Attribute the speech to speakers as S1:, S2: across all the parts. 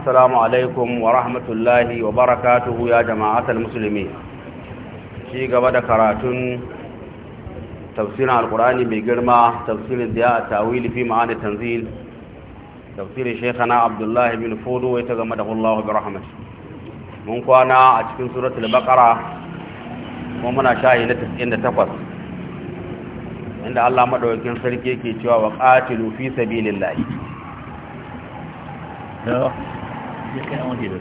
S1: assalamu alaikum wa rahmatullahi wa barakatu ya jama'atul muslimin ci gaba da karatun tafsirin alqurani mai girma tafsirin da ya tawili fi ma'ani tanzil tafsirin abdullahi bin fudu ta gama da Allah bi rahmat mun kwana a cikin suratul baqara kuma muna shayi na 98 inda Allah madaukakin sarki yake cewa wa qatilu fi sabilillah
S2: ya kai an waje da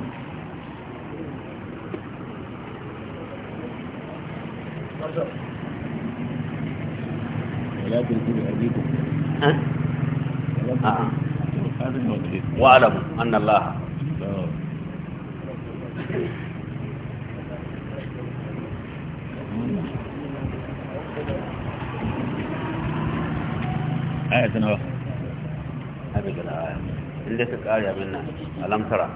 S2: واعلموا ان الله آه.
S1: آية نوح أبي قال آية اللي تتآية منا ألم ترى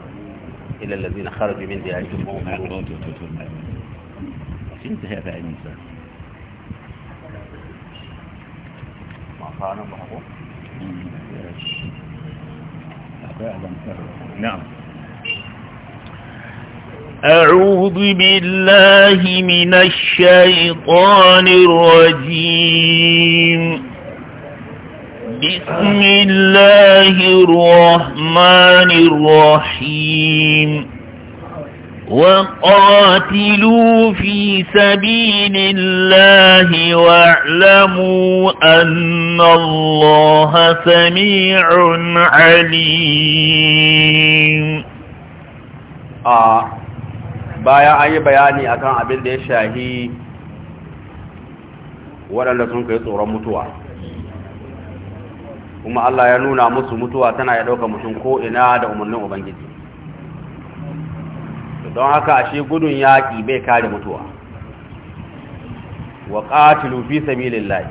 S1: إلى الذين خرجوا من ديارهم وهم
S2: هذا عيسى ما قال معه نعم
S3: أعوذ بالله من الشيطان الرجيم بسم الله الرحمن الرحيم وقاتلوا في سبيل الله واعلموا أن الله سميع
S1: عليم آه بايا أي بياني أكان عبد الشاهي ولا لسنك sun kai kuma Allah ya nuna musu mutuwa tana ya ɗauka mutum ko ina da umarnin ubangiji don haka ashe gudun yaƙi bai kare mutuwa wa qatilu fi sabilillahi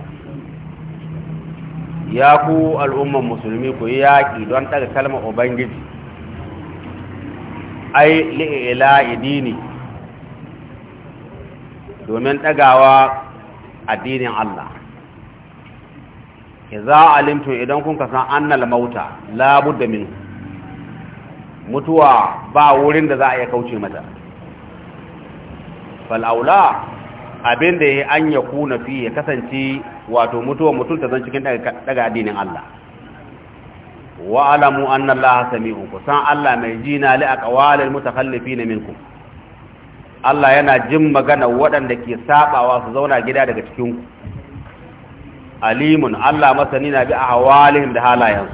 S1: ya ku al'umman musulmi ku yi yaƙi don daga kalmar ubangiji ai li'ila dini domin ɗagawa addinin Allah a alimtu idan kun ka san annal mauta la budda min mutuwa ba wurin da za a iya kauce mata fal aula abin da ya an ya kuna fi ya kasance wato mutuwa mutum ta zan cikin daga addinin Allah wa alamu anna Allah sami'un ku san Allah mai jina li aqwalil mutakhallifin minkum Allah yana jin magana waɗanda ke saɓawa su zauna gida daga cikin alimun Allah masani na bi ahwalihim da halayensu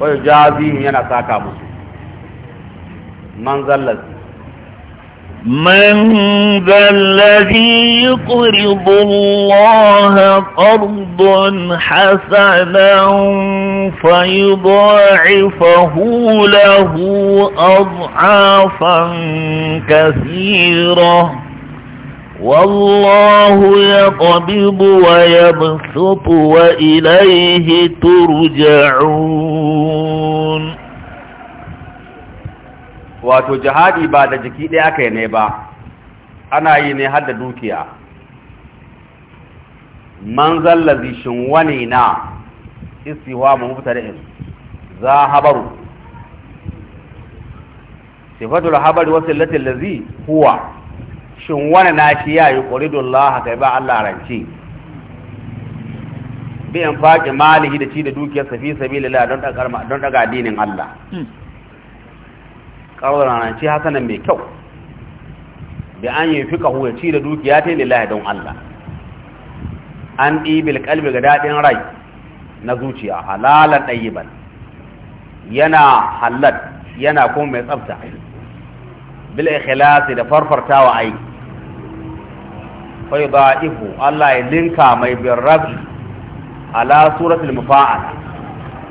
S1: wa yajazihim yana saka musu man zallazi من ذا الذي يقرض الله
S3: قرضا حسنا فيضاعفه له أضعافا كثيرة والله يقبض ويبسط وإليه ترجعون
S1: wato jihadi ba da jiki ɗaya kai ne ba ana yi ne har da dukiya man zallazi shin wani na istiwa mu mubtada'in za habaru sifatul habari wasillatil ladzi huwa shin wani na shi ya yi ƙuridun laha ka yi ba Allah rance biyan faƙi malihi da ci da dukiyarsa fi sabi lila don daga addinin Allah hmm. ƙawar rance hasanan mai kyau da an yi fika ya ci da dukiya ta lila don Allah an ɗibil kalbi ga daɗin rai na zuciya halalan ɗayyiban yana halal yana kuma mai tsafta bil ikhlasi da farfartawa aiki fai ba'ihu Allah ya linka mai bin rabi ala suratul mufa'ala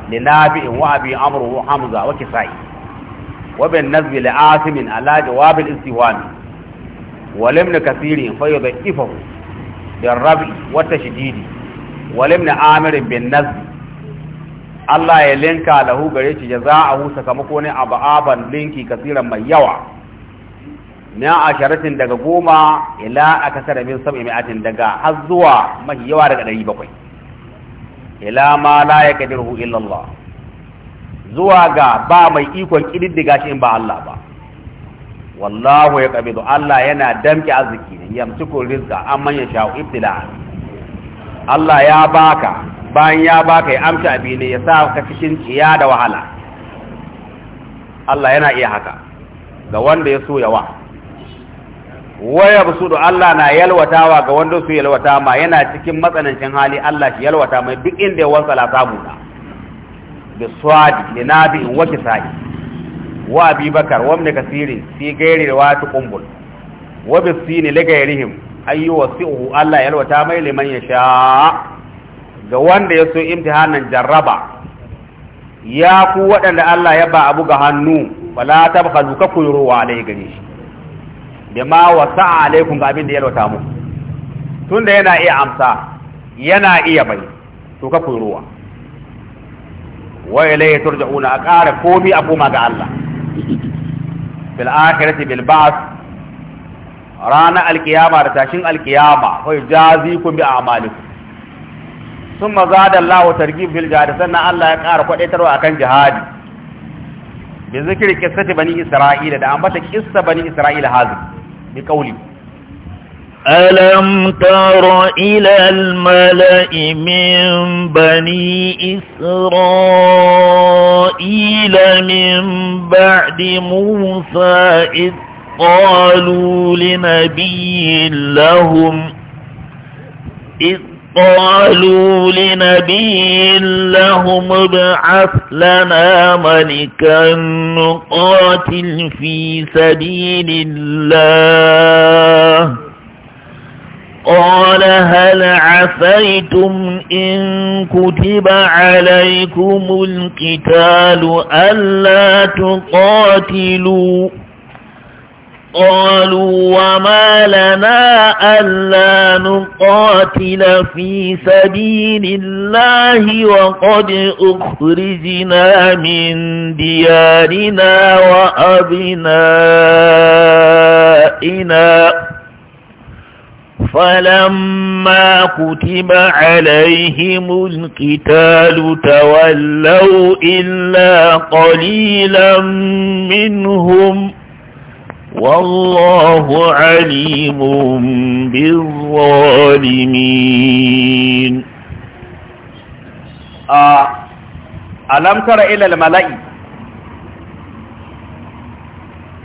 S1: li nabi'in wa abi amr wa hamza wa kisai wa bin nazbi li asimin ala jawab al istiwani wa lam nakathirin fai ba'ifahu bin rabi wa tashdidi wa lam amir bin nazbi Allah ya linka lahu gare shi jaza'ahu sakamako ne ababan linki kasiran mai yawa na asharatin daga goma ila a kasar min sab'i mi'atin daga har zuwa mahi yawa daga ɗari bakwai ila ma la ya kadiru illallah zuwa ga ba mai ikon kididdiga shi in ba Allah ba wallahu ya qabidu Allah yana damke arziki ne yamsiku rizqa amma ya sha'u ibtila Allah ya baka bayan ya baka ya amsa abi ne ya sa ka cikin ciya da wahala Allah yana iya haka ga wanda ya so yawa waya da Allah na yalwatawa ga wanda su yalwata ma yana cikin matsanancin hali Allah shi yalwata mai duk inda ya wasala samu na bi swadi nabi wa kisai wa abubakar wa ibn kasiri fi gairi wata kumbul wa bi sini li gairihim ayyu wasi'u Allah yalwata mai liman ya sha. ga wanda ya so imtihanan jarraba ya ku waɗanda Allah ya ba abu ga hannu wala tabkhazu ka alai gani shi bima wasa alaikum ga abin da ya lauta mu tunda yana iya amsa yana iya bai to ka ruwa wa ilayhi turja'una a ƙara komi a koma ga Allah bil akhirati bil ba'th rana alkiyama da tashin alkiyama wa jazikum bi a'malikum thumma zada Allahu targhib bil jihad sannan Allah ya ƙara kwadaitarwa akan jihadi bi zikri qissati bani isra'ila da ambata qissa bani isra'ila hazim بقوله ألم تر إلى
S3: الملأ من بني إسرائيل من بعد موسى إذ قالوا لنبي لهم إذ قالوا لنبي لهم ابعث لنا ملكا نقاتل في سبيل الله قال هل عفيتم إن كتب عليكم القتال ألا تقاتلوا قالوا وما لنا ألا نقاتل في سبيل الله وقد أخرجنا من ديارنا وأبنائنا فلما كتب عليهم القتال تولوا إلا قليلا منهم ۖ والله عليم بالظالمين
S1: ألم تر إلى الملائي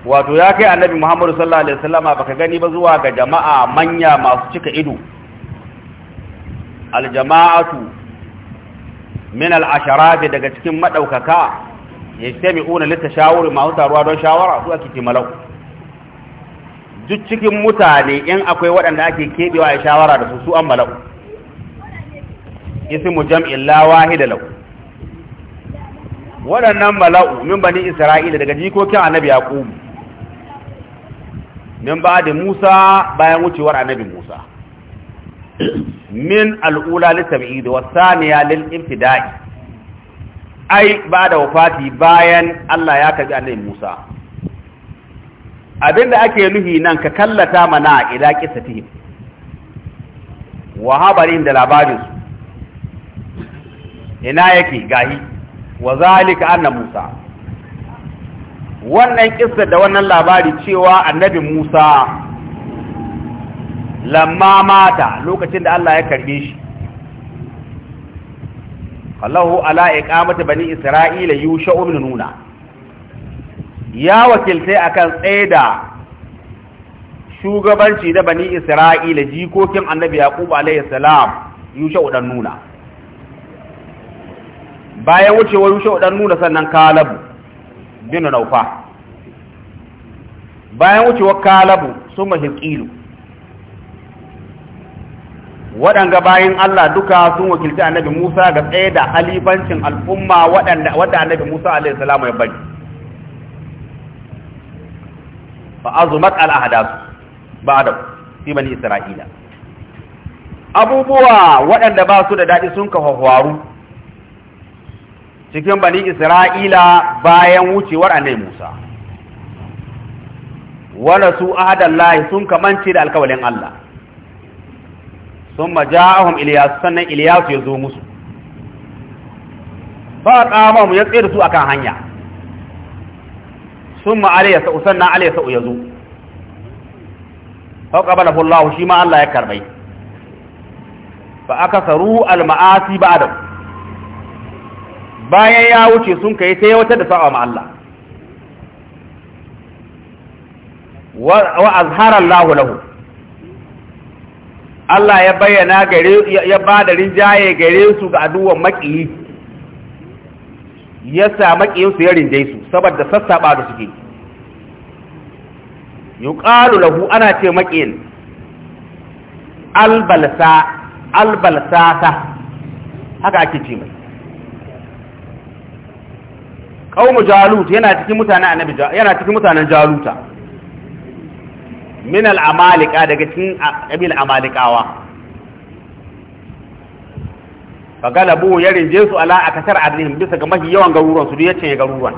S1: wato ya kai annabi Muhammadu sallallahu alaihi wasallama baka gani ba zuwa ga jama'a manya masu cika ido aljama'atu min al'asharati daga cikin madaukaka yajtami'una litashawuri ma taruwa don shawara su ake ce malau duk cikin mutane in akwai waɗanda ake keɓewa a shawara da su su an malau ismu jam'in Lawa, wahida lau waɗannan mala'u min bani isra'ila daga jikokin annabi ya yaqub min ba da musa bayan wucewar annabi musa min al'ula lissabi'id wasaniya lil ai ba da wafati bayan Allah ya karbi annabi musa Abin da ake nuhi nan ka kallata mana ila qissatihim wa habarin da labarin ina yake gahi wa zalika anna Musa wannan kissa da wannan labari cewa annabi Musa lamma mata lokacin da Allah ya karbe shi Allahu ala iqamati bani Isra'ila yusha'u ibn nuna ya wakiltai akan tsaida shugabanci da bani isra'ila jikokin annabi yaqub alayhi salam yusha uɗan nuna bayan wucewar yusha uɗan nuna sannan kalabu bin naufa bayan wucewar kalabu sun hiqilu waɗanga bayan Allah duka sun wakilci annabi Musa ga tsaye da halifancin al'umma waɗanda annabi Musa a.s. ya bari fa azumat al adam fi bani isra'ila abubuwa waɗanda ba su da daɗi sun ka hawaru cikin bani isra'ila bayan wucewar annabi musa wala su ahadallahi sun kamanci da alkawalin allah sun maja'ahum ilyasu sannan ilyasu ya zo musu ba tsama mu ya tsere su akan hanya summa alayya sa'u sannan alayya sa'u yazo fa qabalahu Allah shi ma Allah ya karbai fa saru al ma'asi ba'da bayan ya wuce sun kai sai wata da sa'a ma Allah wa azhara Allah lahu Allah ya bayyana gare ya bada rinjaye gare su ga aduwan maƙiyi ya sa maƙiyinsu ya rinjai su saboda sassaɓa da suke ƙaru lahu ana ce maƙiyin albalsa ta, haka ake ce mai qaumu jaluta yana cikin mutanen annabi yana cikin mutanen jaluta min al'amalika daga cikin kabil amalikawa fa galabu ya rinje su ala akatar adrihim bisa ga mahi yawan garuruwan su ya cinye garuruwan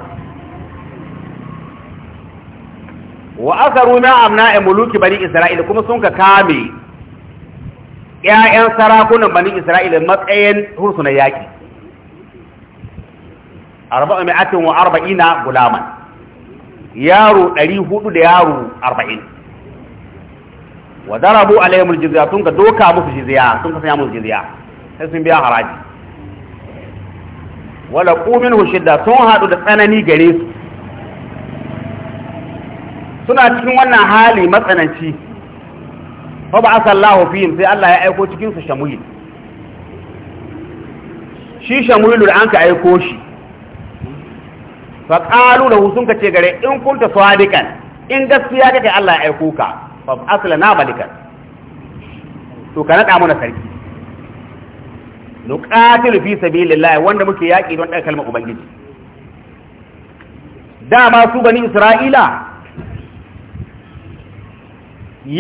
S1: wa asaru na amna muluki bani isra'ila kuma sun ka kame ƴaƴan sarakunan bani isra'ila matsayin na yaƙi arba'a mi'atin wa arba'ina gulaman yaro ɗari hudu da yaro arba'in wa darabu alayhim aljizya sun ka doka musu jizya sun ka sanya musu jizya sai sun biya haraji wala kumin shidda sun haɗu da tsanani gare su suna cikin wannan hali matsananci fa ba asallahu fihim sai Allah ya aiko cikinsu su shamuyi shi shamuyi da an ka aiko shi fa qalu lahu sun ce gare in kunta sadiqan in gaskiya kake Allah ya aiko ka ba asla na balikan to ka naɗa mana sarki nuqatilu fi sabilillah wanda muke yaki don ɗaga kalmar ubangiji dama su bani isra'ila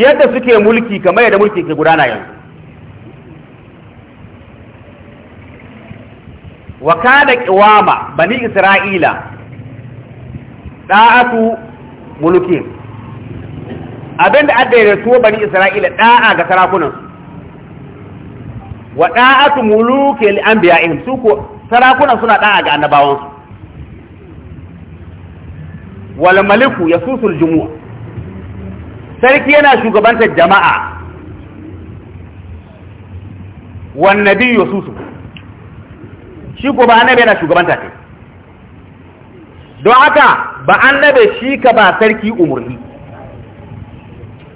S1: yadda suke mulki kamar yadda mulki ke gudana yanzu wa kada qiwama bani isra'ila da'atu mulkin abinda adda ya bani isra'ila da'a ga sarakunansu wa da'atu muluki li anbiya'ihim su ko sarakuna suna da'a ga annabawan su wal maliku yasusul jumu'a sarki yana shugabantar jama'a wan nabi yasusu shi ko ba annabi yana shugabanta kai don haka ba annabi shi ka ba sarki umurni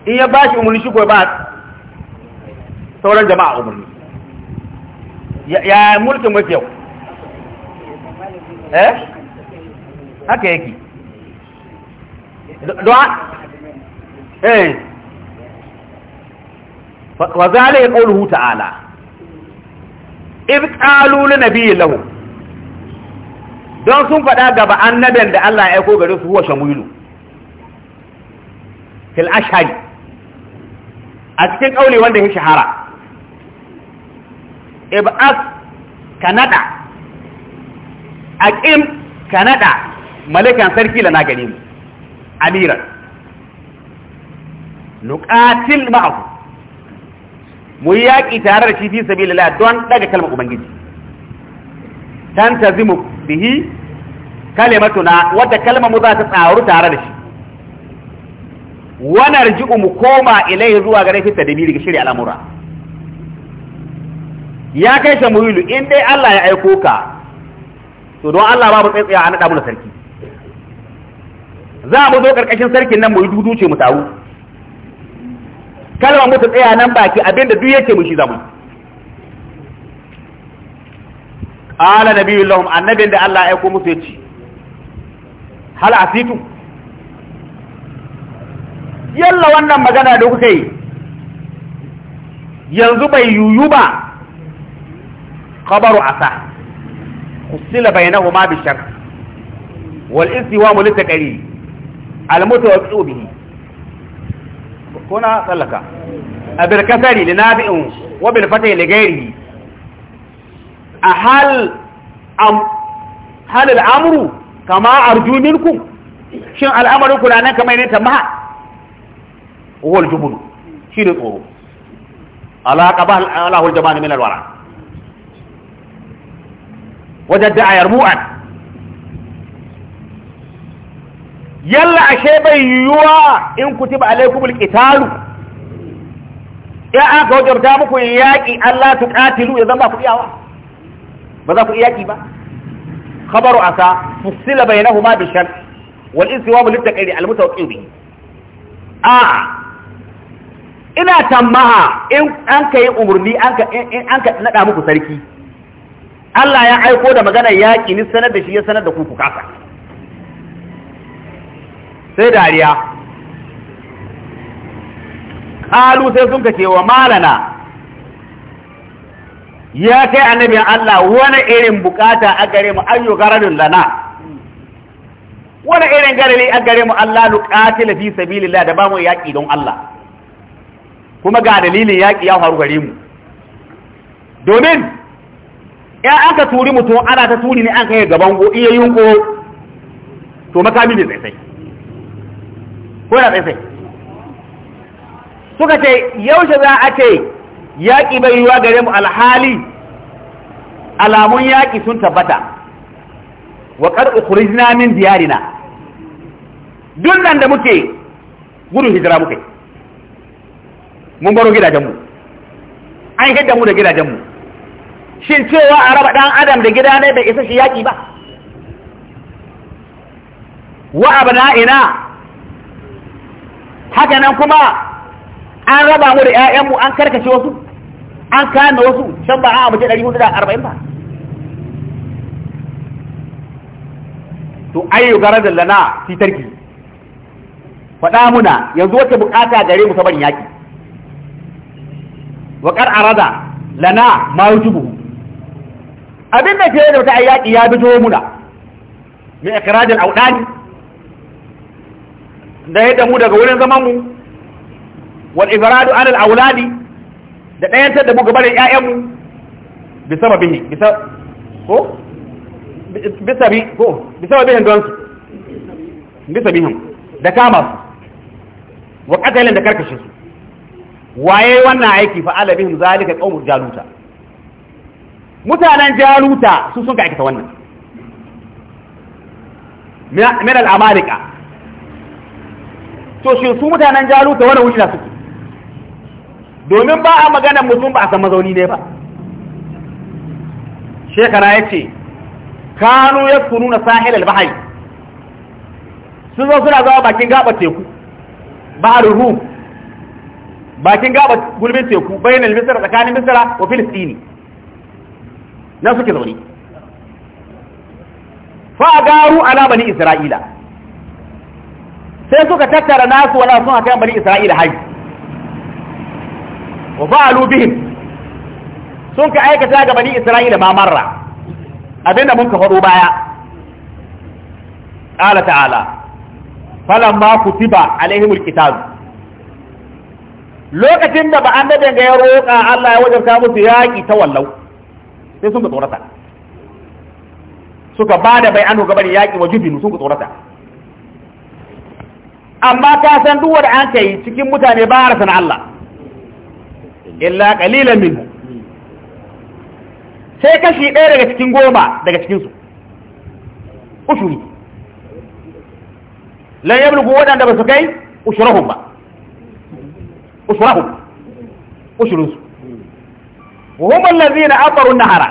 S1: in ya shi umurni shi ko ba sauran jama'a umurni ya mulkin mafi yau
S2: eh haka
S1: yake doa eh wa zalika qawluhu ta'ala id qalu na biyu lahu don sun faɗa gaba annabin da Allah ya aiko gare su huwa shamuilu fil ashari a cikin kauli wanda ya shahara ib'as Kanada, nada aqim ka nada malikan sarki mu amiran nuqatil ma'ahu mu tare da shi sabilillah don daga kalmar ubangiji tantazimu bihi kalimatuna wadda kalmar mu za ta tsaru tare da shi wa narji'u mu koma ilaihi zuwa gare shi tadbiri ga shirya al'amura ya kai Samuilu in dai Allah ya aiko ka to don Allah babu tsaya a naɗa mu sarki za mu zo karkashin sarkin nan mu yi dudu ce mu taru kalma mu tsaya nan baki abinda duk yake mu shi zamu qala nabiyyu lahum annabin da Allah ya aiko musu yace hal asitu yalla wannan magana da kuka yi yanzu bai yuyu ba خبر أصح خصل بينهما بالشرط والاستوام الموت المتوقع به هنا طلق بالكسر لنابئ وبالفتح لغيره أهل أم هل الأمر كما أرجو منكم شن الأمر كنا أنا كما ينتمى هو الجبن شير الأمر على قبال الله الجبان من الورع wajen da'ayar mu'an yalla ashe bai yiwuwa in kutiba alaikumul qitalu ya aka wajabta muku yaƙi Allah tuqatilu ya zama ku iyawa ba za ku yaƙi ba khabaru asa fusila bainahuma bi shar wal insiwam litaqiri al mutawaqqi a ina tammaha in an kai umurni an ka an ka nada muku sarki Allah ya aiko da magana yaƙi ni sanar da shi ya sanar da ku kasa sai dariya kalu sai sun ka wa malana ya kai annabin Allah wani irin bukata a gare mu ayyu garadun lana wani irin garari a gare mu Allah nuqatila fi sabilillah da ba mu yaƙi don Allah kuma ga dalilin yaƙi ya faru gare mu domin ya aka turi mutum ana ta turi ne an kai gaban go iya ko to makami ne tsaye ko na tsaye suka ce yaushe za a ce yaƙi bai yiwa gare mu alhali alamun yaƙi sun tabbata wa qad ukhrijna min diyarina duk nan da muke gudun hijira muke mun baro gidajenmu an hidda mu da gidajenmu shin cewa a raba ɗan adam da gida ne bai isa shi yaƙi ba wa abna ina haka nan kuma an raba mu da 'ya'yanmu an karkace wasu an kana wasu can ba an abu da 440 ba to ayyu garadin lana fi tarki faɗa muna yanzu wata bukata gare mu ta yaƙi yaki wa qad lana ma yujibu abin da ke da wata ayyaki ya bito muna mai ikirajin audani da yadda mu daga wurin zaman mu wal ibradu anil auladi da ɗayan da mu gabarin ƴaƴan mu bi sababihi bisa ko bisa bi ko bi sababihin don su bi sabihin da kama su wa qatalin da karkashin su waye wannan aiki fa alabihim zalika qaumul jaluta mutanen jaruta su sun ka aikata wannan min al'amalika to shi su mutanen jaruta wani wuri na suke domin ba a maganar mutum ba a san mazauni ne ba shekara ya ce kanu ya kunu na sahil al-bahari sun zo suna zama bakin gabar teku ba a rum bakin gabar gulbin teku bayan al-misra tsakanin misra wa filistini na suke zaune fa garu ala bani isra'ila sai suka tattara nasu wala sun akan bani isra'ila haji wa fa'alu bihim sun ka aikata ga bani isra'ila ma marra abinda mun ka faɗo baya qala ta'ala falamma kutiba alaihimul kitab lokacin da ba annabin ga ya roƙa Allah ya wajabta musu yaƙi ta wallau sai sun ka tsorata suka ba da bai anu gabar yaƙi wa jubinu sun ka tsorata amma ka san duk wanda an kai cikin mutane ba a sana Allah illa qalilan minhu sai kashi ɗaya daga cikin goma daga cikinsu ushuri lan ya bulgu waɗanda ba su kai ushurahun ba ushurahun ushurinsu humul lazina abaru nahara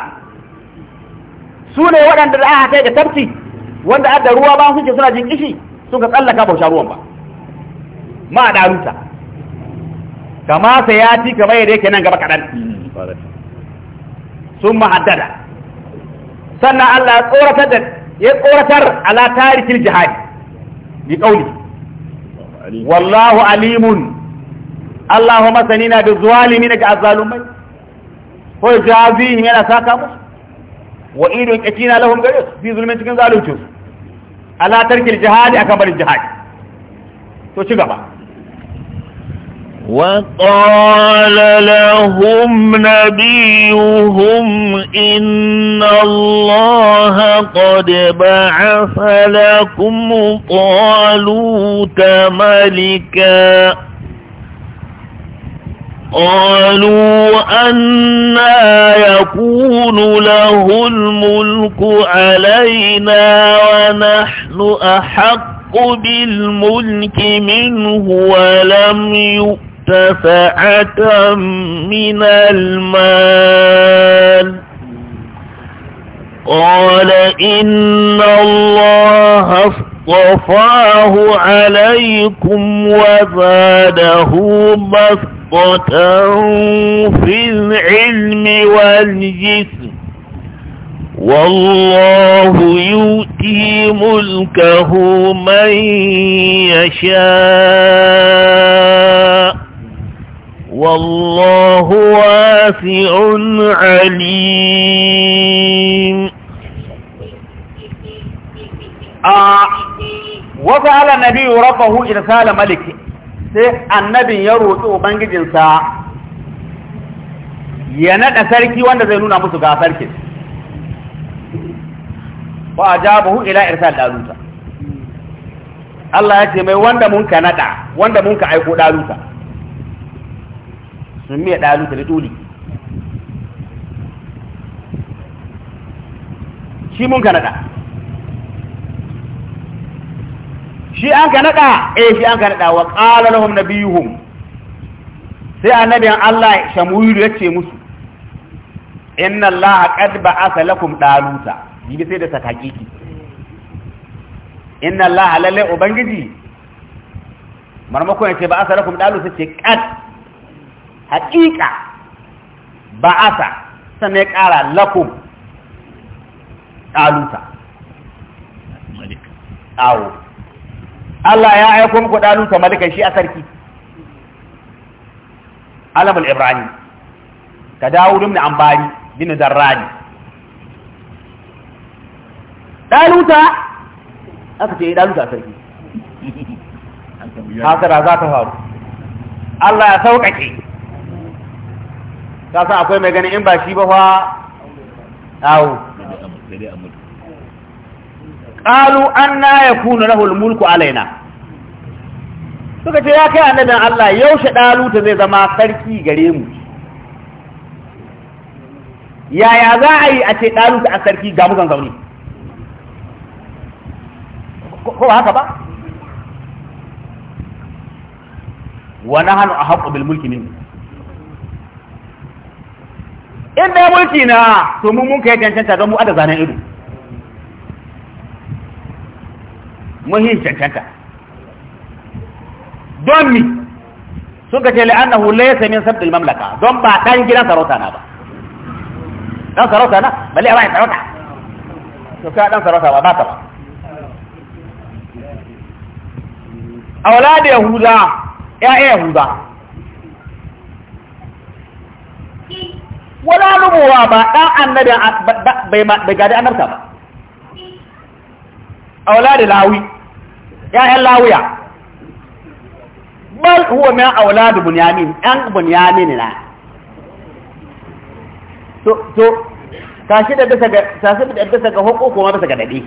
S1: su ne waɗanda da aka kai ga tafti wanda adda ruwa ba suke suna jin kishi ka tsallaka bausha ruwan ba ma da ruta kama sayati kama yadda yake nan gaba kaɗan sun mahaddada sannan Allah ya tsoratar da ya tsoratar ala tarikin jihadi bi kauli wallahu alimun Allahumma sanina bi zalimin ga azzalumai ko jazihin yana saka musu wa idun katina lahum gare su fi zulmin cikin zalunci su ala tarkil jihadi akan barin jihadi to ci gaba
S3: وقال لهم نبيهم إن الله قد بعث لكم طالوت ملكاً قالوا أنا يكون له الملك علينا ونحن أحق بالملك منه ولم يؤت سعة من المال قال إن الله اصطفاه عليكم وزاده بسطة رغبة في العلم والجسم والله يؤتي ملكه من يشاء والله واسع
S1: عليم آه وفعل النبي ربه إرسال ملكه sai annabin ya roƙi ubangijinsa ya naɗa sarki wanda zai nuna musu ga sarki a ja buhu ila irsal daluta Allah ya ce mai wanda mun ka naɗa wanda mun ka aiko daluta sun miya daluta da tuli shi mun ka naɗa shi an ka nada eh shi an ka nada wa qala lahum nabiyuhum sai annabi Allah shamuyu yace musu inna allaha qad ba'atha lakum daluta yibi sai da sakakiki inna allaha lalle ubangiji marmakon yace ba'atha lakum daluta ce qad haqiqa ba'atha sai ya kara lakum daluta awo Allah ya aiko muku da ta malika shi a sarki alamul ibrani ka dawo dumni ambari bin zarrani ɗaluta aka ce ɗaluta a sarki hasara za ta faru
S2: Allah ya sauƙaƙe
S1: ta san akwai mai ganin in ba shi ba fa awo ƙalu an na ya kuna rahul mulku alaina suka ce ya kai annabin Allah yaushe ɗaluta zai zama sarki gare mu yaya za a yi a ce ɗaluta a sarki ga mugan zaune ko haka ba wa a ahqqu bil mulki min.
S4: in da mulki na
S1: to mun mun kai cancanta don mu ada zanen ido mun yi cancanta don mi sun ka ce la'annahu ya sami sabdil mamlaka don ba ɗan gidan sarauta na ba
S2: dan sarauta na balle ba sarauta
S1: to ka dan sarauta ba ba ta ba da yahuda ya'ya yahuda wala nubuwa ba dan annabi bai bai gadi annabta ba a wala da lawi ya'yan lawuya. bal huwa min auladu bunyamin ɗan bunyamin na to to tashi da bisa ga da bisa dadi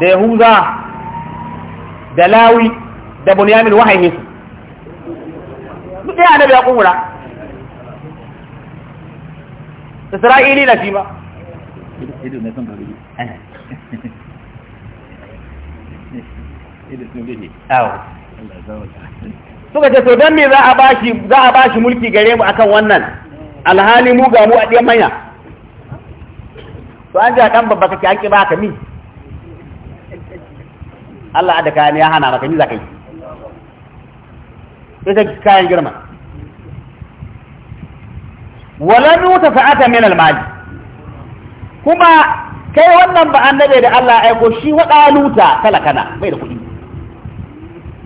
S1: da yahuza da lawi da bunyamin wahayi su duk da ya kumura
S4: isra'ili
S2: na
S1: suka ce to don me za a bashi za a bashi mulki gare mu akan wannan alhali mu ga mu a ɗiyan manya to an jiya kan babba kake an ƙi ba ka mi Allah da kayan ya hana maka ni za ka yi ita kayan girma walan yuta sa'ata min al-mali kuma kai wannan ba annabi da Allah ya aiko shi wa daluta talakana bai da kuɗi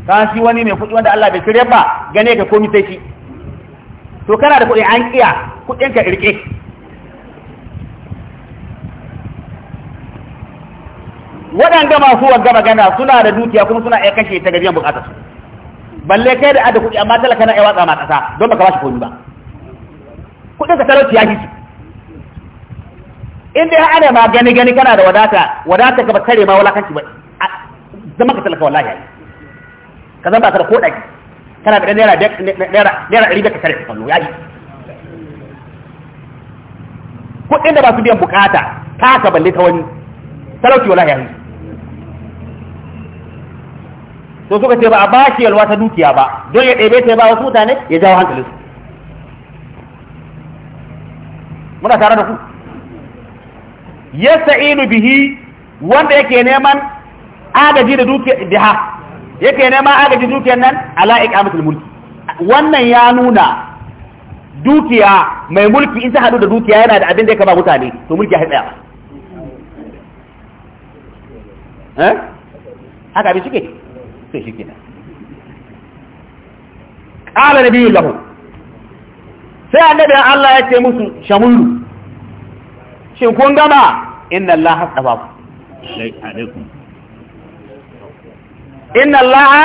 S1: ka shi wani mai kuɗi wanda Allah bai shirya ba gane ka komi sai shi to kana da kuɗi an kiya kuɗin ka irke waɗanda masu wanga magana suna da dukiya kuma suna iya kashe ta gariyan bukatar su balle kai da ada kuɗi amma talaka na iya watsa ma ƙasa don baka bashi komi ba kuɗin ka talauci ya shi in dai ana ma gani gani kana da wadata wadata ka ba kare ma kanki ba zama ka talaka wallahi ka zama ba ka da ko ɗaki kana da naira naira ɗari da ka kare kwallo ya yi kuɗin da ba su biyan bukata ta ka balle ta wani talauci wala yayi to suka ce ba a shi yalwa ta dukiya ba don ya ɗebe ta ba wasu mutane ya jawo su muna tare da ku ya inu bihi wanda yake neman agaji da dukiya biha yake nema agaji dukiyar nan ala iqamatul mulki wannan ya nuna dukiya mai mulki in ta hadu da dukiya yana da abin da ya kama mutane to mulki ya tsaya eh haka bi shike sai shike na qala biyu lahu sai annabi Allah ya ce musu shamulu shin kun gama inna Allah hasabakum alaikum inna allaha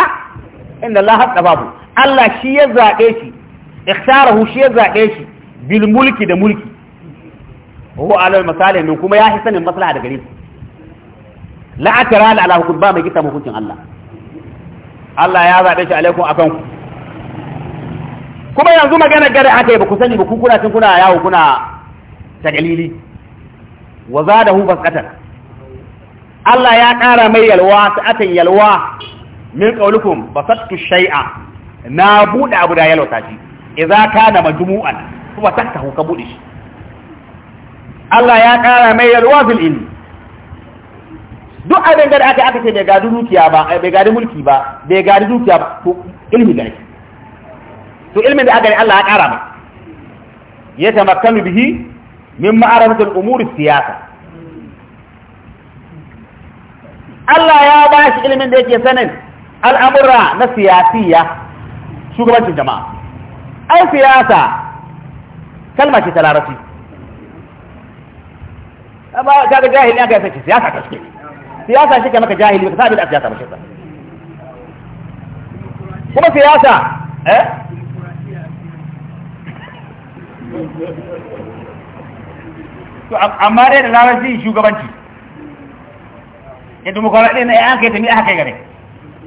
S1: inna allaha tababu Allah shi ya zaɓe shi ikhtarahu shi ya zaɓe shi bil mulki da mulki huwa alal masalih min kuma ya hi sanin maslaha daga gare shi la atara ala hukum ba mai kita hukuncin Allah Allah ya zabe shi alaikum akan ku kuma yanzu magana gare aka yi ba ku sani ba ku kuna tun kuna yawo kuna tagalili wa zadahu basqatan Allah ya ƙara mai yalwa sa'atan yalwa min qawlukum basattu shay'a na bude abu da yalwata shi idza kana majmu'an kuma tahtahu ka bude shi Allah ya kara mai yalwa fil ilmi duk abin da aka aka ce bai gadi dukiya ba eh, bai gadi mulki ba bai gadi dukiya ba to ilmi gare to ilmin da aka ne Allah ya kara mai ya tamakkanu bihi min ma'arafatul umuri siyasa Allah ya ba shi ilimin da yake sanin al'amura na siyasiya shugabancin jama'a ai siyasa kalma ce ta larabci amma kaga jahili aka yasa ce siyasa ta shi siyasa shi ke maka jahili ka sabi da siyasa ba shi kuma siyasa eh to amma dai da larabci shugabanci in dimokuraɗiyya na ya an kai ta ni aka kai gare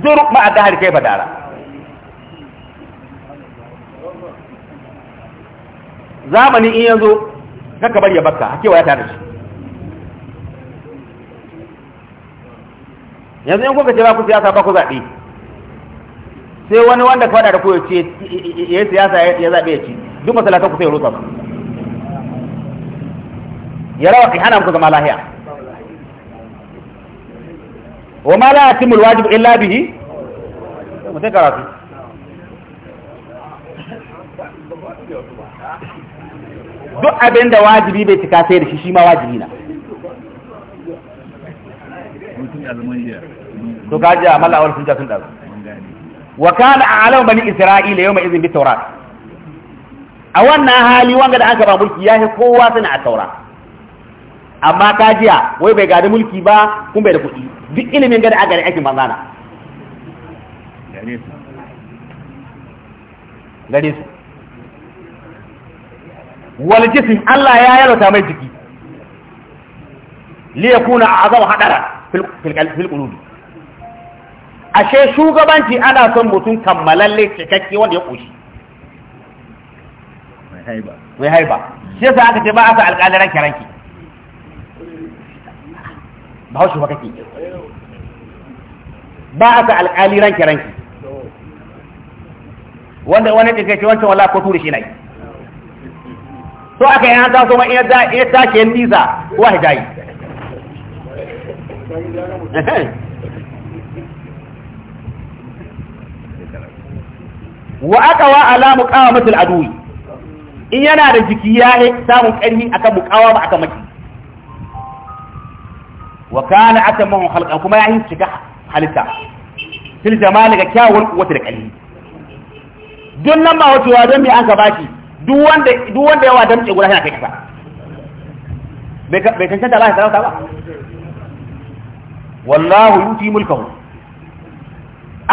S1: dur ma a dahar kai badara zamani in yanzu kaka bari ya baka hake waya tare shi yanzu in kuka ce ba ku siyasa ba ku zaɓe sai wani wanda ka faɗa da ku ya ce ya yi siyasa ya zaɓe ya ci duk masalatan ku sai ya rusa ba. ya rawa ki hana muku zama lahiya
S2: wa ma la yatimul wajib illa bihi mutai karatu duk abin da wajibi bai cika sai da shi shi ma wajibi na to gaji a
S1: mala awal sun ja sun dazu wa kana a'lamu bani isra'ila yawma idhin bi tawrat a wannan hali wanga da aka ba mulki yahi kowa suna a tawrat amma ka jiya wai bai gada mulki ba kun bai da kuɗi duk ilimin gada a gari aikin banza na gare su wal jisim Allah ya yalwata mai jiki li yakuna azam hadara fil qulubi ashe shugabanci ana son mutum kammalalle cikakke wanda ya koshi mai haiba mai haiba shi yasa aka ce ba aka alƙalaran kiranki ba haushi ba kake ba a sa alƙali ranki ranki wanda wani kake ce wancan wala ko tura shi nai so aka yi an sa so ma iya da iya tashi yan nisa wa hijayi wa aka wa alamu ala muqawamatul adui in yana da jiki ya samun karfi akan muqawama aka maki wa kana atammahu khalqan kuma ya hinci ga halitta fil jamali ga kyawun wata da kalli duk nan ba wato ya don me an ka baki duk wanda duk wanda yawa damce guda yana kai kasa bai cancanta Allah ya sarauta ba wallahu yuti mulkahu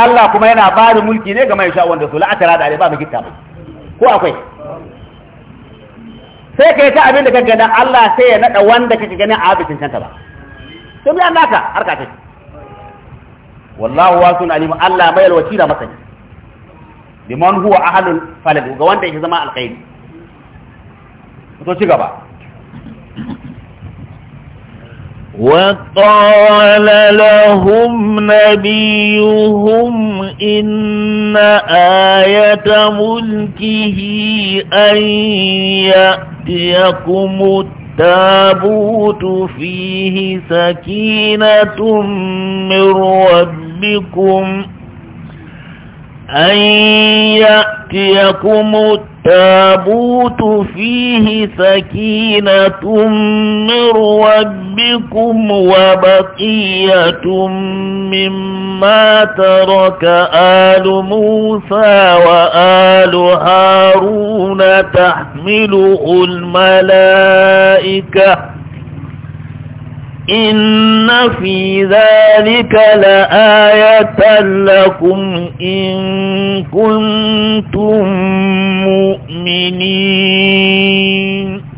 S1: Allah kuma yana ba da mulki ne ga mai sha wanda su la'atara da ba mu gitta ba ko akwai sai kai ta abin da kaga dan Allah sai ya nada wanda kake gani a abincin cancanta ba sai biyan naka har ka take wallahu wasun alim Allah mai alwasira masani liman huwa ahlul falad ga wanda yake zama alkhairi to ci gaba وقال
S3: لهم نبيهم إن آية ملكه أن يأتيكم التقوى التابوت فيه سكينة من ربكم أن يأتيكم التابوت تابوت فيه سكينة من ربكم وبقية مما ترك آل موسى وآل هارون تحمله الملائكة إن في ذلك لآية لكم إن كنتم مؤمنين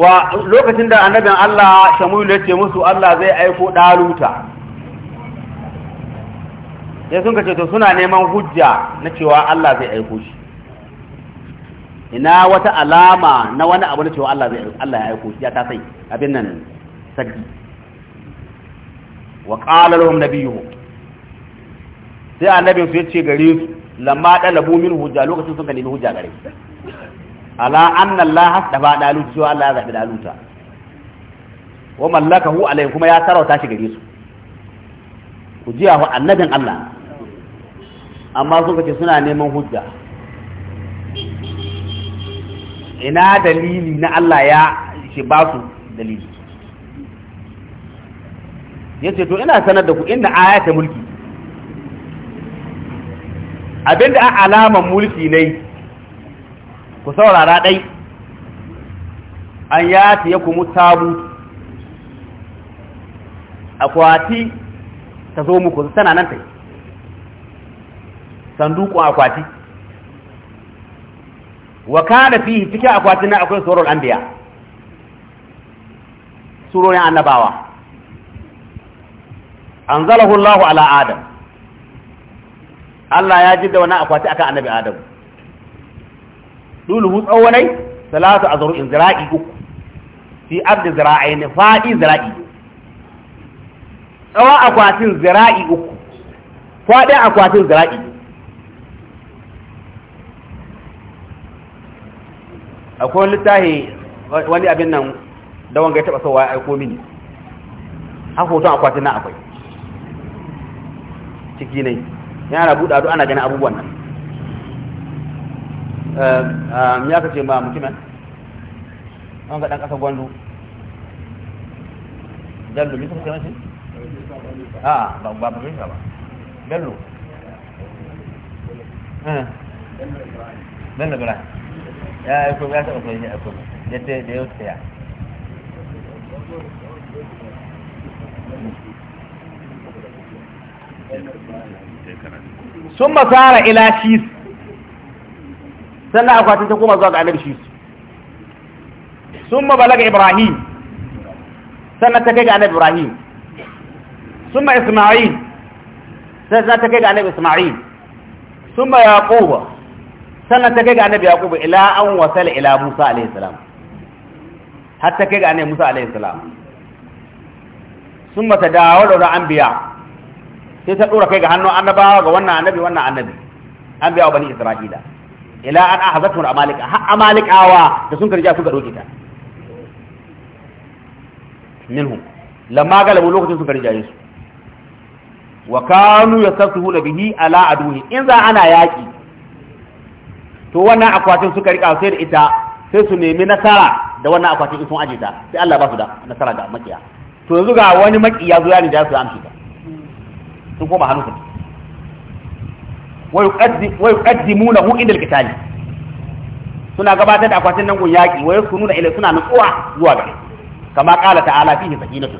S1: wa lokacin da annabin Allah Shamuil ya ce musu Allah zai aiko daluta ya sun kace to suna neman hujja na cewa Allah zai aiko shi ina wata alama na wani abu na cewa Allah zai Allah ya aiko shi ya ta sai abin nan sarki wa qala lahum nabiyuhu sai annabin su yace gare su lamma dalabu min hujja lokacin sun kalli hujja gare ala anna Allah hasaba dalu cewa Allah ya zabi daluta wa mallakahu alai kuma ya tarauta shi gare su ku jiya wa annabin Allah amma sun kace suna neman hujja ina dalili na Allah ya ce ba su dalili ya ce to ina sanar da ku inda ayata mulki abinda an alaman mulki ne ku saurara ɗai an ya ta kuma tabu akwati ta zo muku tana nan ta yi sanduku akwati wa kana fihi cikin akwatin nan akwai surul anbiya surorin annabawa anzalahu Allahu ala adam Allah ya jidda wani akwati akan annabi adam dulu tsawonai salatu in zira'i uku fi ard zira'aini fa'i zira'i tsawon akwatin zira'i uku fa'i akwatin zira'i akwai wani littafi wani abin nan da wanga ya taba sauwa ya aiko mini a hoton akwatin na akwai ciki ne yana buɗa duk ana ganin abubuwan nan ya ka ce ma mutumin an ga ɗan ƙasa gwandu bello ne suka mace? a ba ba ba ba
S2: bello bello
S1: ibrahim ya yi kuma ya taɓa kai a kuma yadda da yau tsaya
S4: sun masara ila shis
S1: sannan akwatin ta koma zuwa ga annabi shis sun balaga ibrahim sannan ta kai ga annabi ibrahim sun ba isma'il sannan ta kai ga annabi isma'il sun ba yaquba sannan ta kai ga annabi yaqubu ila an wasala ila musa alaihi salam har ta kai ga annabi musa alaihi salam summa dawo da anbiya sai ta dora kai ga hannun annabawa ga wannan annabi wannan annabi anbiya wa bani isra'ila ila an ahazatu amalika ha amalikawa da sun karja suka doke ta minhum lamma galabu lokacin sun rijaye su wa kanu yasaftuhu bihi ala aduhi in za ana yaki to wannan akwatin suka rika sai da ita sai su nemi nasara da wannan akwatin sun aje ta sai Allah ba su da nasara ga makiya to yanzu ga wani makiya zuwa ne da su amshi ta sun koma hannu su wa yuqaddimunahu inda alkitali suna gabatar da akwatin nan gun yaki wa nuna ila suna nutsuwa zuwa gare kama qala ta'ala fihi sakinatu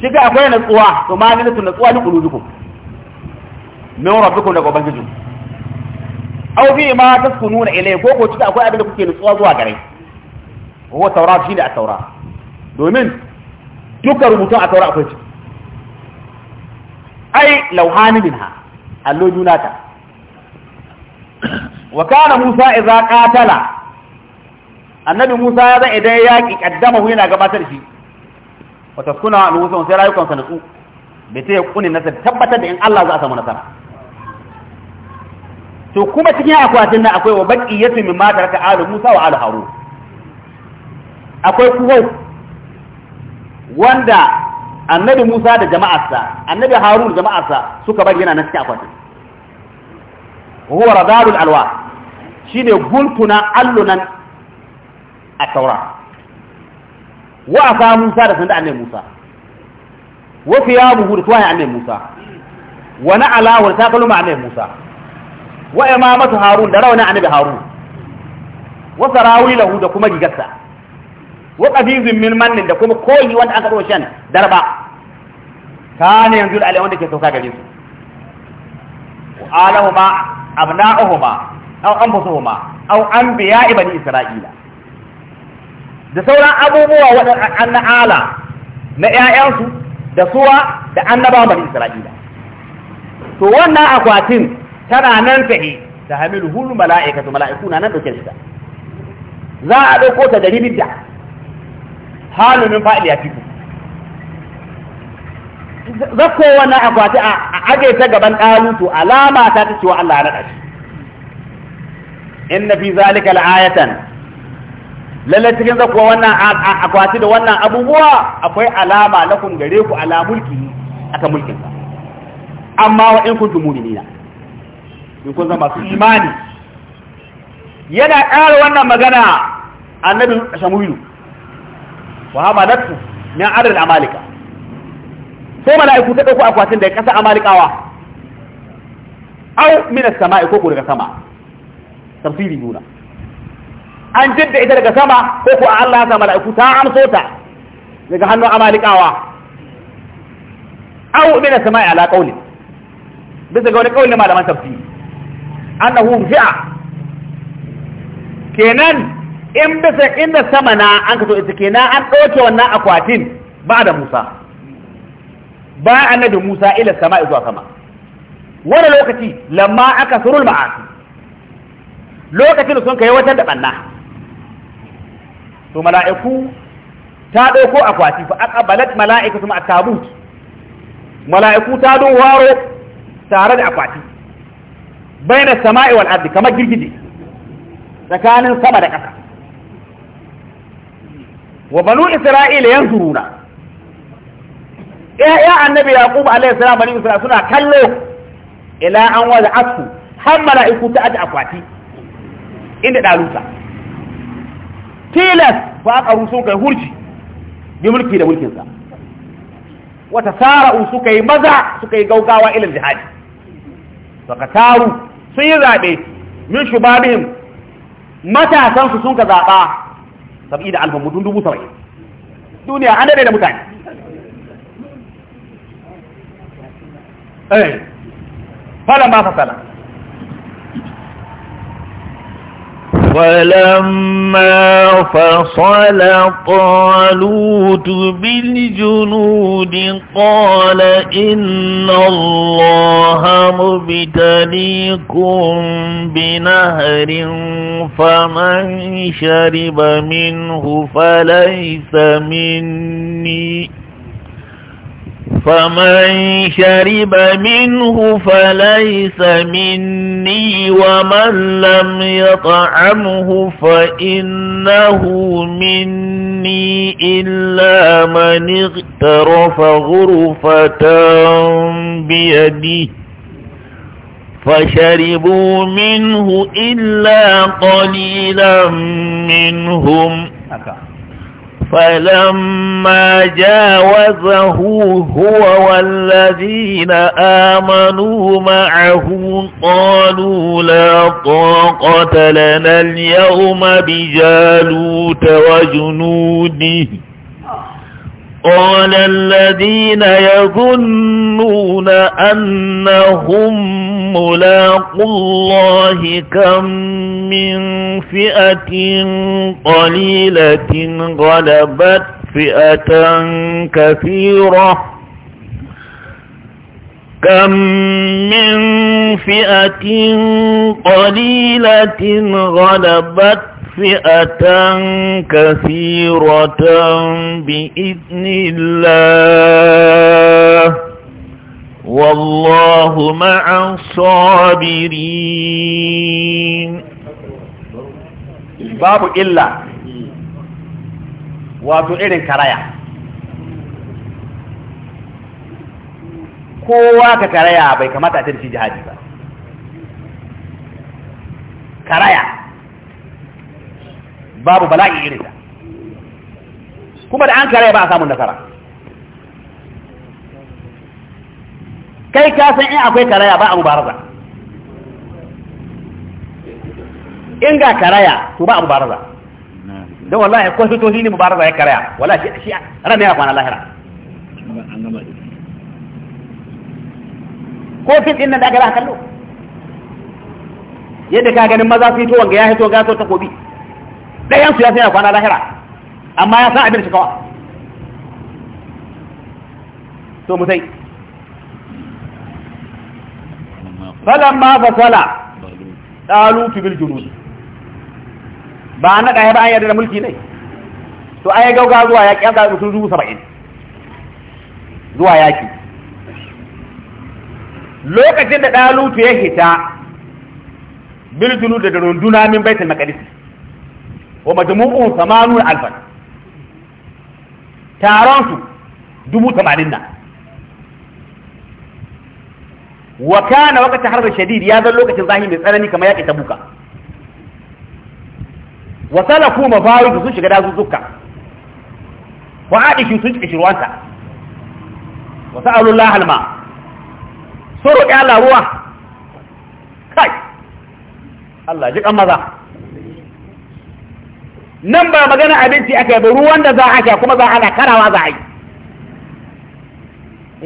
S1: kiga akwai nutsuwa to ma nutsuwa ni quludukum min rabbikum daga ubangijinku aw fi ma taskununa ilai ko ko cika akwai abin da kuke nutsuwa zuwa gare taura shi ne a taura domin duka rubutun a taura akwai ciki ai lauhani minha allo junata wa kana musa idza qatala annabi musa ya zai idan yaki kaddama hu yana gabatar shi wa taskuna al-wusa sai rayukan sanatu bai ta kunin nasar tabbatar da in Allah za a samu nasara to kuma cikin akwatin nan akwai wa baqiyatu min ma taraka alu Musa wa alu Harun akwai kuho wanda annabi Musa da jama'arsa annabi Harun da jama'arsa suka bar yana na cikin akwatin huwa radalul alwa shine guntuna allunan a taura wa asa Musa da sanda annabi Musa wa fiyabuhu da tuwaye annabi Musa wa na'ala wa takaluma annabi Musa wa imamatu harun da rawanin annabi harun wa sarawilahu da kuma rigarsa wa qadizin min mannin da kuma koyi wanda aka dawo shan darba kana yanzu da alai wanda ke sauka gare su
S4: wa alahuma
S1: abna'uhuma aw anfusuhuma aw anbiya'i bani isra'ila da sauran abubuwa waɗanda an ala na ƴaƴansu da suwa da annaba bani isra'ila to wannan akwatin tana nan tahi ta hamilu hulu mala'ikatu mala'iku na nan dauke da za a dauko ta dari bidda halu min fa'il ya fiku zakko wannan akwati a aje ta gaban dalutu alama ta ta cewa Allah ya naɗa shi inna fi zalika la'ayatan lalle cikin zakuwa wannan akwati da wannan abubuwa akwai alama lakum gare ku ala mulki aka mulkin amma wa in kuntum mu'minina in kun zama su imani yana ƙara wannan magana annabi shamuhilu wa hamalatu min adadin amalika sai mala'iku ta ɗauko akwatin da ƙasa amalikawa au mina sama samai ko daga sama tafsiri nuna an jidda ita daga sama ko ko Allah ya sa mala'iku ta amso ta daga hannun amalikawa au mina sama samai ala qawli bisa ga wani kaulin malaman tafsiri annahu fi'a kenan in bisa inda sama na an ka so ita kenan an ɗauke wannan akwatin ba da Musa ba annabi Musa ila sama zuwa sama wani lokaci lamma aka surul ma'asi lokacin da sun kai wata da banna to mala'iku ta ɗauko akwati fa aqbalat mala'ikatu ma mala'iku ta don waro tare da akwati bayna sama'i wal ardi kamar girgidi tsakanin sama da ƙasa wa banu isra'ila yan zuruna ya annabi ƙuba alaihi salam bani isra'ila suna kallo ila an wada asu har mala'iku ta aji akwati inda ɗalusa. tilas a ƙaru sun kai hurci bi mulki da mulkinsa. wata sara'u suka yi maza suka yi gaugawa ilin jihadi suka taru sun yi zaɓe min shubabihim matasan sun ka zaɓa sabi da alfamu tun dubu saba'in duniya an daɗe da mutane eh falan ba fasala
S3: فلما فصل طالوت بالجنود قال إن الله مبتليكم بنهر فمن شرب منه فليس مني فمن شرب منه فليس مني ومن لم يطعمه فإنه مني إلا من اغترف غرفة بيده فشربوا منه إلا قليلا منهم فلما جاوزه هو والذين آمنوا معه قالوا لا طاقة لنا اليوم بجالوت وجنوده قال الذين يظنون أنهم ملاق الله كم من فئة قليلة غلبت فئة كثيرة كم من فئة قليلة غلبت فئة كثيرة بإذن الله والله مع الصابرين
S2: babu illa
S1: wato irin karaya kowa ka karaya bai kamata a tarci jihadi ba karaya babu bala'i irin ta kuma da an karaya ba a samun nasara kai ka san in akwai karaya ba a mubaraza in ga karaya to ba a mubaraza don wallahi ko fito ne mubaraza ya karaya wallahi shi ran ne ya kwana lahira ko fit din nan da gara kallo yadda ka ganin maza su fito wanga ya ga gaso ta kobi dayan su ya sai kwana lahira amma ya san abin shi kawai to mutai fa sala fasala fi bil junud ba na ɗaya ba an yarda da mulki ne to an yi gauga zuwa yaƙi an zaɓi mutum dubu saba'in zuwa yaƙi lokacin da ɗalutu ya hita bil junud da runduna min baitul maqdis wa majmu'uhu 80 alfan taron su dubu tamanin wa kana waqta harbi shadid ya zan lokacin zahi mai tsanani kamar yaki tabuka wa salaku mafarid sun shiga dazuzzuka wa adishu sun shiga shirwanta wa sa'alu Allah alma suru ya laruwa kai Allah ji kan maza nan ba magana abinci aka yi ruwan da za a kuma za a karawa za a yi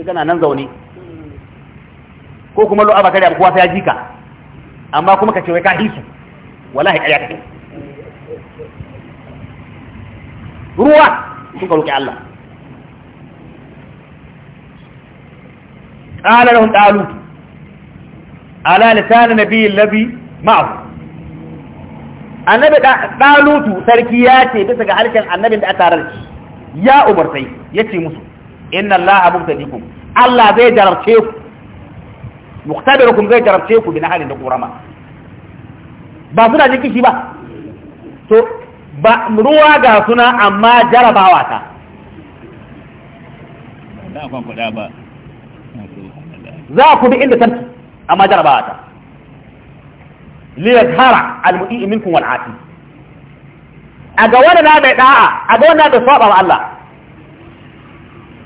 S1: in kana nan zaune ko kuma lo'a ba kare ba kowa sai ya ka amma kuma ka ce wai ka hisu wallahi ƙarya kake ruwa suka roƙi Allah qala lahum talut ala lisan nabiyyi alladhi ma'ahu annabi sarki ya ce bisa ga harshen annabin da aka rarci ya umartai yace musu inna allaha mubtadikum Allah zai dararce ku muqtabirukum zai jarabce ku bi naharin da kurama ba suna jin kishi ba to ba ruwa ga suna amma jarabawa ta za ku bi inda tantu amma jarabawa ta liyazhara almu'i iminkun wal a ga wanda na da da'a a ga wanda da saba wa Allah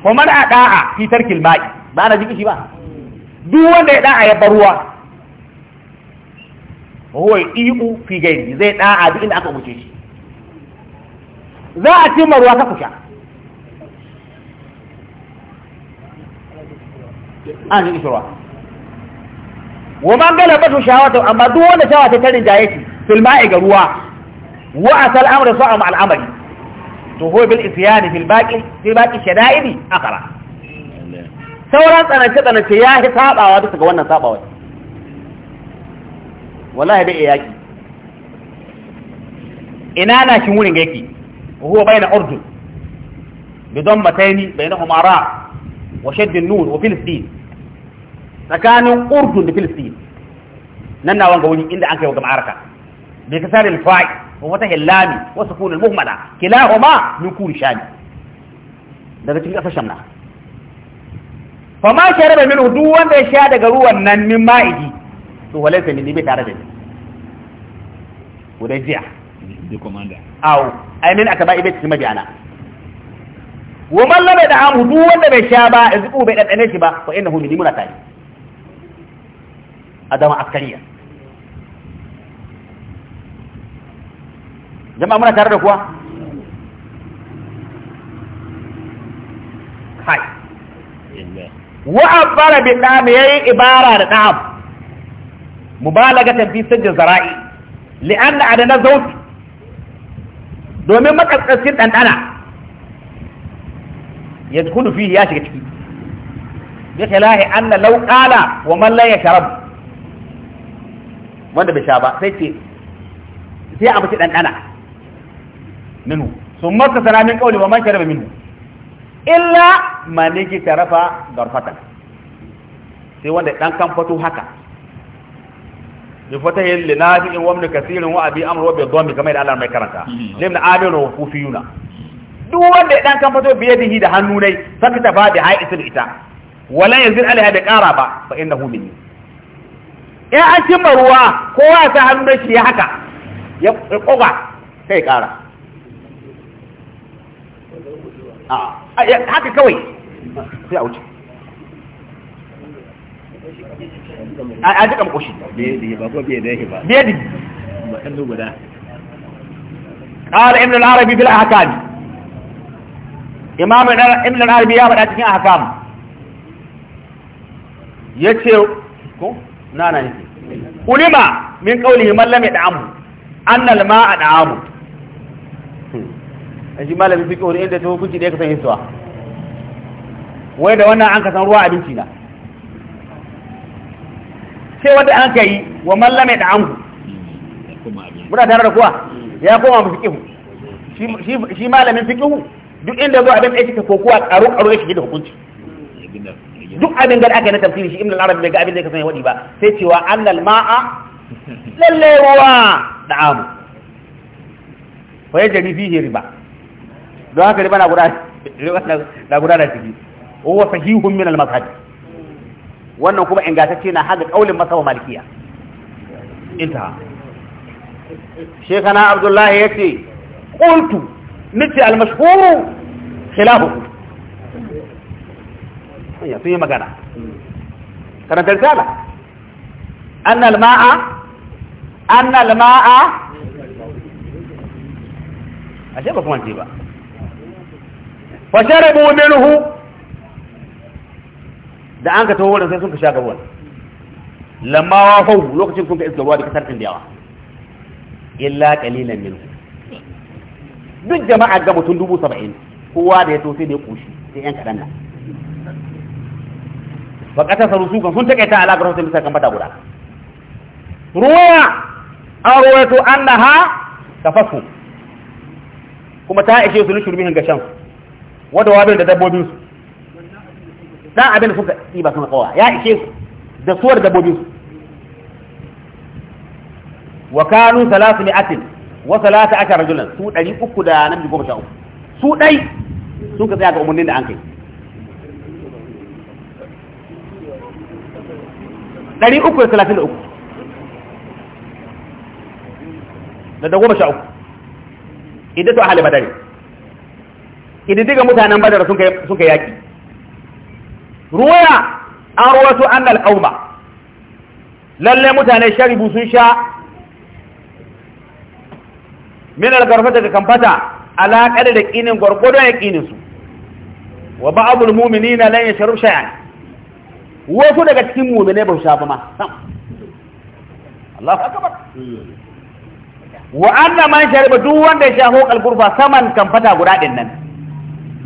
S1: kuma na da'a fi tarkil baki ba na jiki shi ba duk wanda ya da'a ya bar ruwa huwa iu fi gairi zai da'a duk inda aka wuce shi za a cimma ruwa ta kusha an yi ruwa wa man su shawata amma duk wanda shawata ta rinja shi fil ma'i ga ruwa wa asal amru sa'a al'amari to huwa bil isyani fil baqi fil baqi shada'idi akara sauran tsanance tsanance ya yi sabawa bisa ga wannan sabawa wallahi bai yaki ina na shi wurin yake huwa bayna urdun bidammataini bainahuma ra wa shadd an-nur wa filistin tsakanin urdun da filistin nan na wanga wuri inda an kai wa ma'araka bi kasar al-fa'i wa fatah al-lami wa sukun al-muhmala kilahuma min kuri shami daga cikin kasar shamna fama shi sharaba min duk wanda ya sha daga ruwan nan min ma'idi to walai sai ni bai tare da ni guda jiya the commander aw ai min aka ba ibe cikin mabiyana wa man lam yad'am duk wanda bai sha ba izqu bai dadane shi ba fa innahu min muna tare adama askariya jama'a muna tare da kuwa Hai. wa'abbara bin ɗam ya yi ibara da ɗam mubalagatan fi sajin zara'i li'anna adana zauti domin matsatsatsin ɗanɗana ya kudu fi ya shiga ciki ya khilahi anna law qala wa man la yashrab wanda bai sha ba sai ce sai abu ci ɗanɗana minu sun masa sanamin ƙauli wa man sharaba minu
S4: illa
S1: maniki tarafa garfatan sai wanda dan kan fato haka bi fatahi li nafi'in in ibn kasirin wa abi amru wa bi dhammi kamar Allah mai karanta na limna abin wa fiuna duk wanda dan kan fato yadihi da hannu nai sakata ba da ha'isul ita wala yanzu alaiha da qara ba fa innahu min in an cimma ruwa ko ya sa hannun shi ya haka ya koga sai kara.
S2: haka kawai sai a wuce a jika makoshi biyadi
S1: ƙara imin al'arabi bil ahakami imamu imin Arabi ya bada cikin ahakami ya ce ko nana yake ulima min kauli himallame da amu annal ma a da'amu. da shi malamin fiƙi wani inda ta hukunci da ya kasan hisuwa wai da wannan an kasan ruwa abinci na sai wanda an ka yi wa mallame da anku muna tare da kuwa ya koma mu fiƙihu shi malamin fiƙihu duk inda zo abin aiki ko kuwa ƙaro ƙaro ya shige da hukunci duk abin gari aka yi na tafsiri shi ibn al-arabi bai ga abin da ya kasan ya wadi ba sai cewa annal ma'a
S4: lalle ruwa
S1: da amu fa ya jari fihi riba don haka riba na guda da ciki wa sahihun min al-mazhab wannan kuma ingantacce na haga kaulin masaba malikiya inta shekana abdullahi yace qultu niti al-mashhur khilafu ya sun yi magana karanta risala anna al-ma'a anna al-ma'a ashe ba kuma ba fasharabu minhu da an ka taho wurin sai sun ka sha gaban lamma wa fau lokacin kun ka iska ruwa da kasar kan dawa illa qalilan minhu duk jama'a ga mutum dubu saba'in kowa da ya to sai da ya kushi sai yan kaɗan nan ba ƙasa saru su kan sun taƙaita alaƙar hausa bisa kan bata guda ruwa an ruwaito an na ka fasu kuma ta ishe su nishirin ga shansu wadda wabin da dabbobin su dan abin da suka ɗiba sun kowa ya ishe su da suwar dabbobin su wa kanu salatu atin wa salatu aka rajulan su ɗari uku da namiji goma sha uku su ɗai sun ka tsaya ga umarnin da an kai
S2: ɗari uku da talatin da uku
S1: da da goma sha uku idan to ahali badari kididdiga mutanen badar sun kai sun kai yaki ruwaya an ruwato annal qauma lalle mutane sharibu sun sha min al-garfa daga kamfata ala kada da kinin gurgudun yakinin su wa ba'dul na lan yashrub shay'an wasu daga cikin mu'mine ba sha ba ma Allahu akbar wa anna man shariba duk wanda ya sha hokal gurfa saman kamfata guda din nan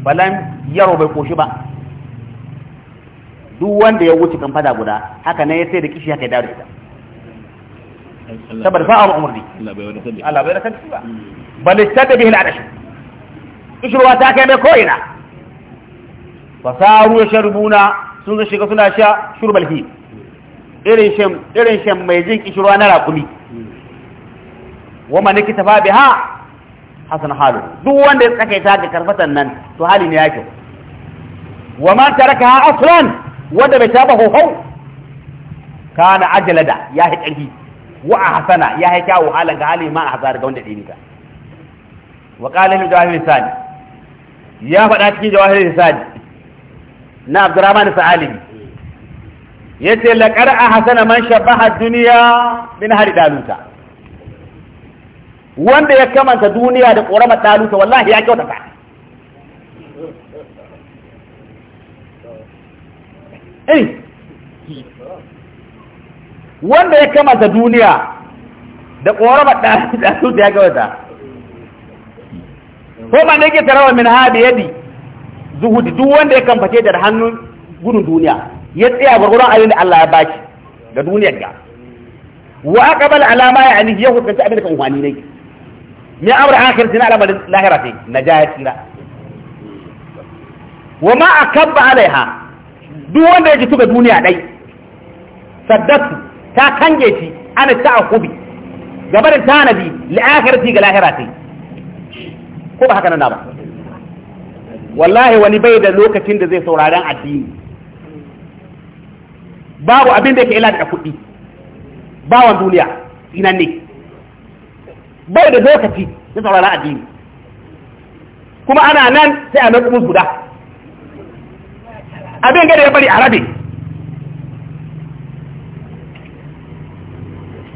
S1: balan yaro bai koshi ba duk wanda ya wuce kan fada guda haka ne ya sai da kishi haka ya dawo da saboda fa'ar umurni Allah bai rasa ba bal istada bihi al'adash kishirwa ta kai mai ko'ina fasaru ya sharbuna sun ga shiga suna sha shurbal hi irin shan irin shan mai jin kishirwa na rakumi wa man kita fa biha hasan halu duk wanda ya tsakaita ga karfatan nan to hali ne ya kyau wa man tarakaha aslan wanda bai taba ho hau kana ajalada ya hi karfi wa ahsana ya hi kyawu halan ga hali ma ahzar ga wanda dini ka wa qala li jawahir sani ya faɗa cikin jawahir sani na abdurrahman sa'ali yace laqara ahsana man shabaha ad-dunya min hari daluta wanda ya kamanta duniya da ƙoramar ɗalusa wallahi ya kyauta eh wanda ya kamanta duniya da ƙoramar ɗalusa ya kyauta. ko ma ne ke tarawa min haɗe yadi zuhudi duk wanda ya kamface da hannun gudun duniya ya tsaya gwargwaron abin da Allah ya baki da duniyar ga wa aqbal alama ya ani ya hukunta abin da kan na ne mi amr akhir tina al'amarin lahira ta najaya tira wa ma akabba alaiha duk wanda ya ji ga duniya dai saddatu ta kange shi ana ta akubi gabarin tanabi li akhirati ga lahira ko ba haka nan ba wallahi wani bai da lokacin da zai sauraron addini babu abin da yake ila da kuɗi bawan duniya inan ne bai da lokaci ya saurara addini kuma ana nan sai a mai guda abin gada ya bari a rabe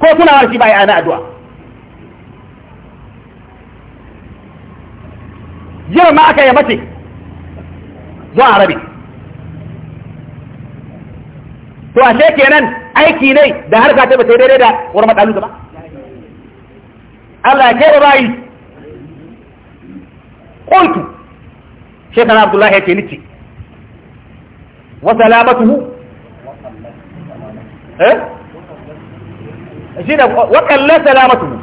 S1: ko suna shi bayan ana addu'a yau ma aka yi mace zuwa a rabe to a kenan aiki ne da harka ta ba sai daidai da wurin matsalin ba Allah ya kera yi. qultu shekara abdullahi ya ce wasu wa hu eh shi da wa kalla salamatuhu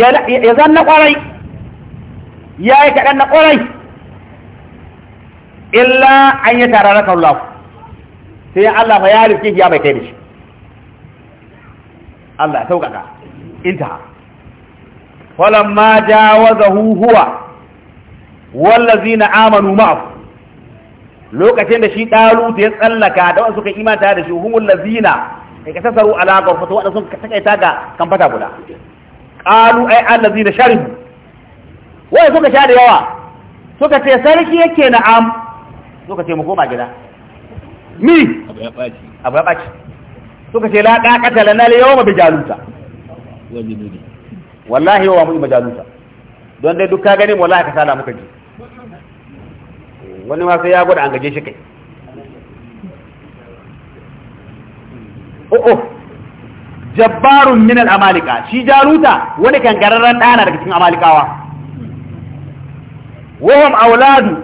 S1: ya zanna ƙwarai, ya yi kaɗan na ƙwarai, illa an yi tara raka Allah sai Allah fa ya rufe ya mai kai da shi Allah ya sauƙaƙa intaha falamma jawazahu huwa wallazina amanu ma'ahu lokacin da shi dalut ya tsallaka da wasu kan imanta da shi humul lazina ka tasaru ala gurfatu wanda sun takaita ga kamfata guda qalu ay allazina sharibu wai suka sha da yawa suka ce sarki yake na'am suka ce mu koma gida
S2: mi abu ya
S1: baci abu ya baci suka ce la daqata lana al-yawma bi jaluta
S2: wajiduni
S1: wallahi wa mu majalunsa don dai duk ka gani wallahi ka sala muka ji wani ma sai ya gwada an gaje shi kai oh, oh. jabbarun min al-amalika shi jaruta wani kankararren dana daga cikin amalikawa wahum auladu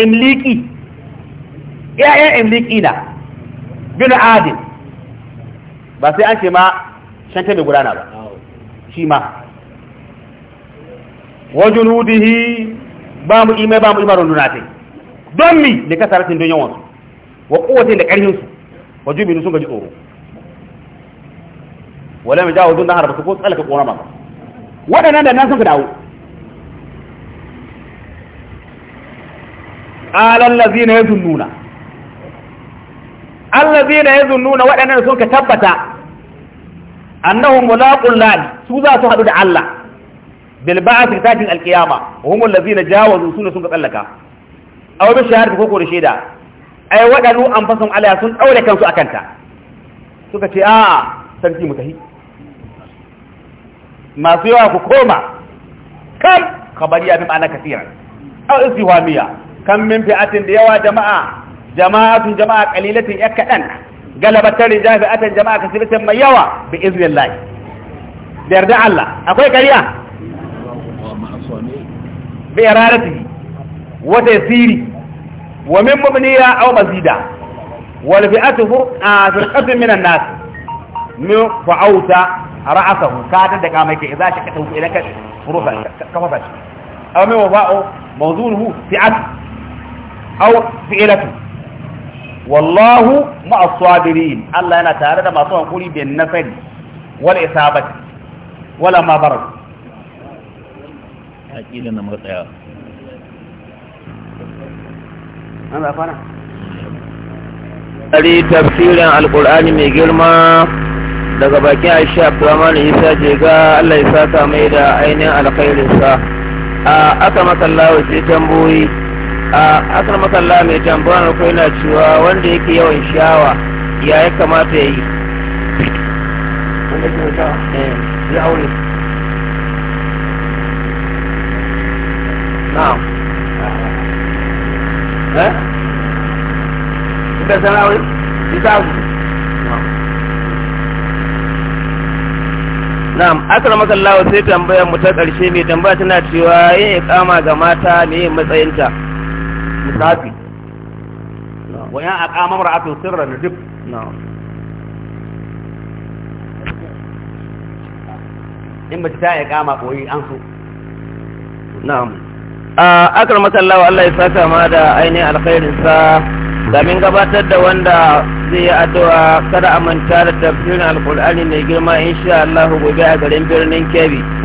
S1: imliki ya'yan imliki na bin adil ba sai an ce ma shanta mai gudana ba shi ma wa junudihi ba mu ime ba mu imaron duna tai don mi da kasaratin don yawan su wa kowace da karhin su wa jubinu sun gaji tsoro wala mai jawo don harba su ko tsalaka kona ba waɗannan da nan sun ka dawo qalan lazina yazunnuna allazina yazunnuna waɗannan sun ka tabbata annahum mulaqul lad su za su hadu da Allah bil ba'ath tatin al qiyama hum allazina jawazu sunu sun ga tsallaka aw bi shahadati ko ko da shaida ai wadalu an fasum sun daure kansu akan ta suka ce a ah, sarki mutahi masu yawa ku koma kam khabariya bi ma'ana kasira aw istihamiya kam min fi'atin da yawa jama'a jama'atun jama'a qalilatin yakadan galabatar rijaya fi'atan jama'a kasiratan mai yawa bi iznillah da yarda Allah akwai kariya bi iradati wa tasiri wa min mubniya aw mazida wal fi'atu firqatun min an-nas mu fa'auta ra'asahu ka ta daga mai ke idza ka ta idan ka ka kafa bashi aw min wa'u mawdunuhu fi'at aw fi'latuhu wallahu ma'as Allah yana tare da masu hankuri bin nasari wal isabati wala ma barak aqida na matsaya an da fara ari
S3: tafsirin alqur'ani mai girma daga bakin Aisha Abdurrahman Isa je ga Allah ya saka mai da ainihin alkhairinsa a aka maka Allah wace tamboyi a asar masalla mai tambayar ko yana cewa wanda yake yawan shawa
S2: ya ya kamata ya yi ya aure na'am
S1: eh ita sana ita Na'am, akar masallawa sai tambayar mu ta ƙarshe mai tambaya tana cewa yin ikama ga mata ne matsayinta. lissafi wa yan aqama sirra in ba ta kama koyi an so Allah
S3: ya saka ma da ainihin alkhairin sa gabatar da wanda
S4: zai yi addu'a kada a manta da tafsirin alkur'ani mai girma insha Allah gobe a garin birnin kebi